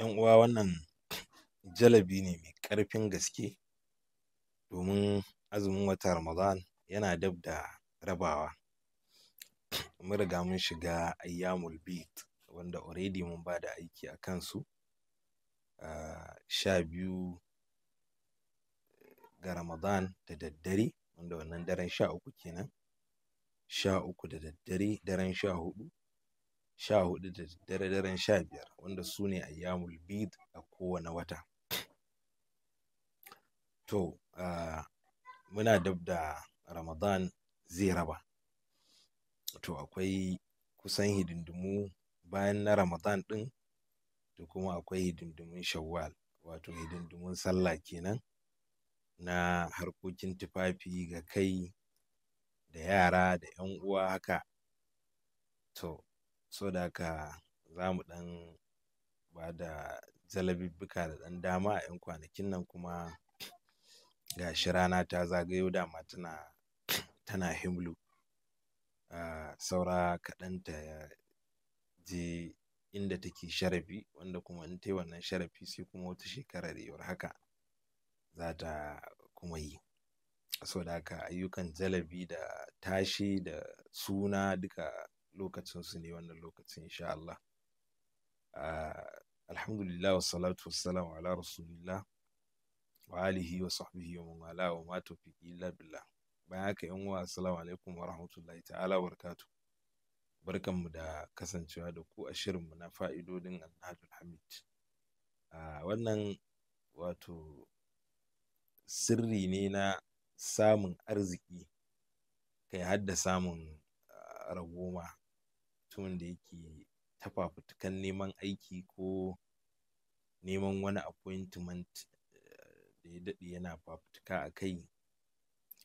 'yan uwa wannan jalabi ne mai ƙarfin gaske domin azumin watan Ramadan yana dab da rabawa mun riga mun shiga ayyamul bid wanda already mun ba da aiki a kansu ah, sha biyu ga Ramadan da daddare wanda wannan daren sha uku kenan sha uku da daddare daren sha huɗu sha hudu da dare daren sha biyar wanda su ne ayyamul bid a kowane wata to muna dab da ramadan zai raba to akwai kusan hidindimu bayan na ramadan ɗin da kuma akwai hidindimun shawwal wato hidindimun sallah kenan na harkokin tufafi ga kai da yara da 'yan uwa haka to so da haka za mu ɗan ba da jalabibbuka da ɗan dama a 'yan kwanakin nan kuma ga shi rana ta zagayo dama tana tana himlu uh, saura kaɗan ta je inda take sharafi wanda kuma in ta yi wannan sharafi sai kuma wata shekara da yawar haka za ta kuma yi so da haka ayyukan jalabi da tashi da suna duka lokacinsu ne wannan lokacin insha Allah alhamdulillah wa salatu wa ala rasulillah wa alihi wa sahbihi wa man wala wa ma tawfiqi illa billah bayan haka yan uwa assalamu alaikum wa rahmatullahi ta'ala wa barakatuh barkanmu da kasancewa da ku a mu na fa'idodin alhajul hamid wannan wato sirri ne na samun arziki kai hadda samun ragoma mutumin da yake ta fafutukan neman aiki ko neman wani appointment eh, da ya daɗe yana fafutuka a kai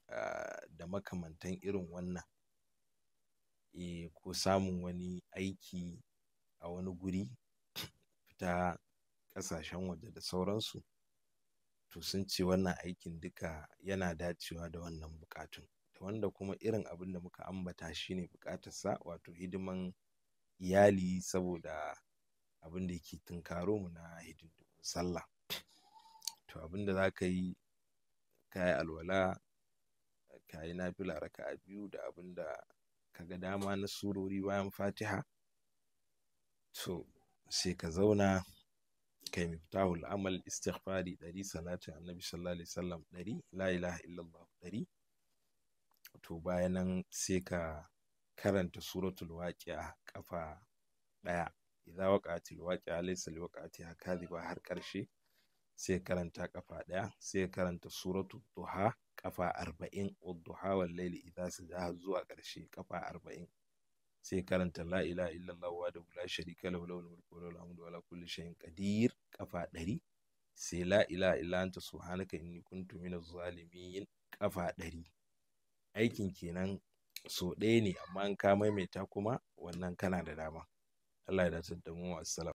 ah, da makamantan irin wannan e, ko samun wani aiki a wani guri fita ƙasashen waje da sauransu to sun ce wannan aikin duka yana dacewa da wannan buƙatun wanda kuma irin abin da muka ambata shi shine sa wato hidiman iyali saboda abin da yake tunkaro mu na hidindimun sallah to abin da za ka yi ka yi alwala ka yi nafila raka'a biyu da abin da ka ga dama na surori bayan fatiha to sai ka zauna ka kai miftahul amal istighfari ɗari salatin annabi sallallahu alaihi wasallam ɗari la ilaha illallah ɗari to bayan nan sai ka karanta suratul waqi'a kafa ɗaya idza waqa'atil waqi'a laysa liwaqa'atiha kadhiba har ƙarshe sai karanta kafa ɗaya sai karanta suratul duha kafa arba'in wadduha wal layli idza sajaha zuwa ƙarshe kafa arba'in sai karanta la ilaha illallah wa la sharika lahu lahu mulku wa lahu wa ala kulli shay'in qadir kafa ɗari sai la ilaha illa anta subhanaka inni kuntu minaz zalimin kafa ɗari aikin kenan so ɗaya ne amma in ka maimaita kuma wannan kana da dama Allah ya dace da mu assalam